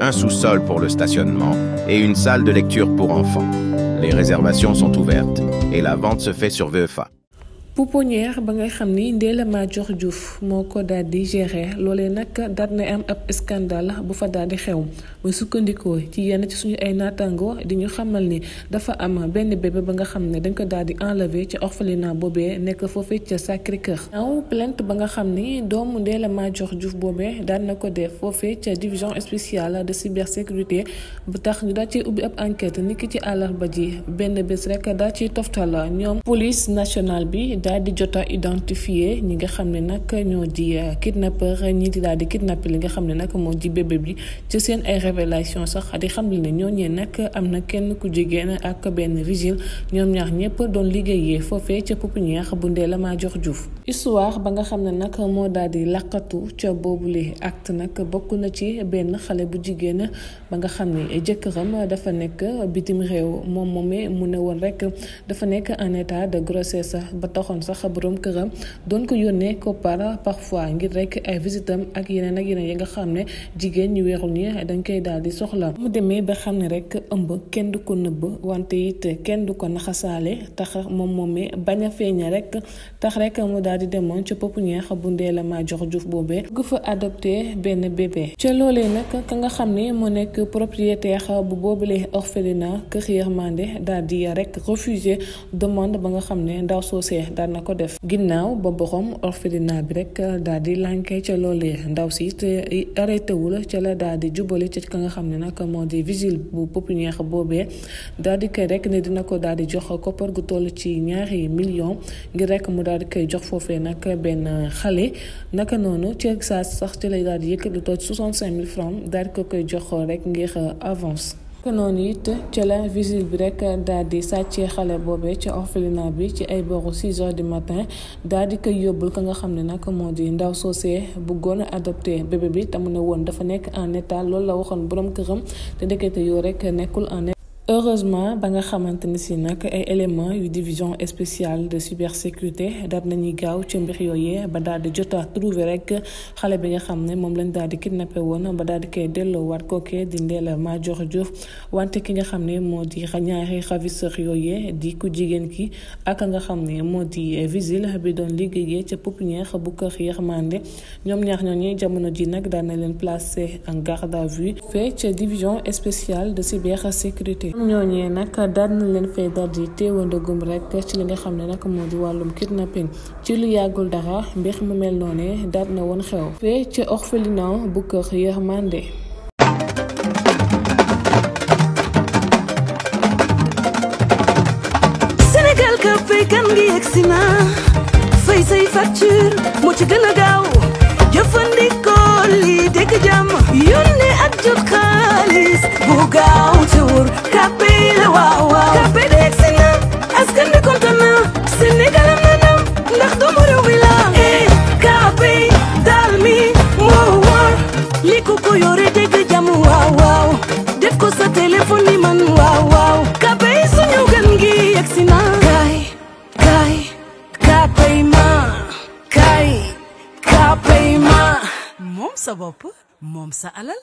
un sous-sol pour le stationnement et une salle de lecture pour enfants. Les réservations sont ouvertes et la vente se fait sur VEFA. pour pouponnière ba ngay xam ni Ndella Madior Diouf moo ko daal di gérer loolee nag daal am ab scandale bu fa daal di xew ba sukkandikoo ci yenn ci suñu ay naataango di ñu xamal ni dafa am benn bébé ba nga xam ne dañ ko daal di enlever ci orphelinat boobee nekk foofee ca Sacré-Cœur. aw plainte ba nga xam ni doomu Ndella Madior Diouf boobee daal na ko def foofe ca division spéciale de cybersécurité bu tax ñu daal ci ubbi ab enquête niki ci ba ji benn bés rek daal ciy toftal ñoom police nationale bi. daal di jot a identifier ñi nga xam ne nag ñoo di euh, kidnappeur ñi di daal di kidnappé li nga xam ne nag moo di bébé yi ci seen ay révélation sax di xam ne ñooñee nag am na kenn ku jigéen ak benn vigile ñoom ñaar ñëpp doon liggéeyee foofee ca ñeex bu la Ndella Madior juuf histoire ba nga xam ne nag moo daal di laqatu boobu boobule acte nag bokk na ci benn xale bu jigéen ba nga xam ne jëkkëram dafa nekk bitim réew moom moomee mu ne woon rek dafa nekk en état taxoon sax borom këram doon ko yónnee koppar parfois ngir rek ay visitam ak yeneen ak yeneen yi nga xam ne jigéen ñu weexul ñi dañ koy daal di soxla mu demee ba xam ne rek ëmb kenn du ko nëbb wante it kenn du ko naxasaale tax moom moomee bañ a feeña rek tax rek mu daal di demoon ca pépinière bu Ndella jox Diouf boobe gu fa adopté benn bébé ca loolee nag ka nga xam ne mu nekk propriétaire bu boobule orphelinat Kër Yërmande daal di rek refuser demande ba nga xam ne ndaw soosee daan na ko def ginnaaw ba borom na bi rek uh, daal di lànkee ca loolee ndaw si it uh, arrêté wul ca la daal di jubali ca ka nga xam ne nag moo di vigile bu ñeex boobee daal di koy rek ne dina ko daal di jox koppar gu toll ci ñaari million ngir rek mu daal di koy jox foofee nag benn xale naka noonu ci saa sax ci la daal di yëkkat lu toll 65000 francs daal di ko koy jox rek ngir uh, avance. naka noonu it ca la vigile bi rek daal di sàccee xale boobee ca orphelinat bi ci ay boru 6 heures du matin daal di koy yóbbul ka nga xam ne nag moo di ndaw soosee bu a adopté bébé bi te mu ne woon dafa nekk en état loolu la waxoon borom këram te ndekete yoo rek nekkul en heureusement ba nga xamante ne si nag ay éléments yu division spéciale de cybersécurité daal nañuy gaaw ci mbir yooyee ba daal di jot a trouvé rek xale bi nga xam ne moom lañ daal di kidnappé woon ba daal di koy delloowaat kookee di Ndella Madior Diouf wante ki nga xam ne moo di ñaari ravisseurs yooyee di ku jigéen ki ak nga xam ne moo di Vigile bi doon liggéeyee ca pouponnière bu kër Yërmande ñoom ñaax ñoo ñooñu jamono ji nag daan na leen place en garde à vue fee ca division spéciale de cybersécurité ñoom ñooñee nag li nga xam ne nag moo di wàllum kidnapping ci lu yàggul dara mbir mu mel noone daal bu kër Yërmande gaaw jëfandikoo lii dégg jàmm yónnee ak jot xaalis bu gaaw buur kàppe la waaw waaw kàppe de si na askan bi kontaan na Sénégal am na ndam ndax doomu réew la eh kàppe daal mi moo wóor li ko ko yore dégg jàmm waaw waaw def ko sa téléphone man waaw waaw kàppe yi suñu gan gi si na kaay kaay kàppe ma kaay kàppe ma moom sa bopp moom sa alal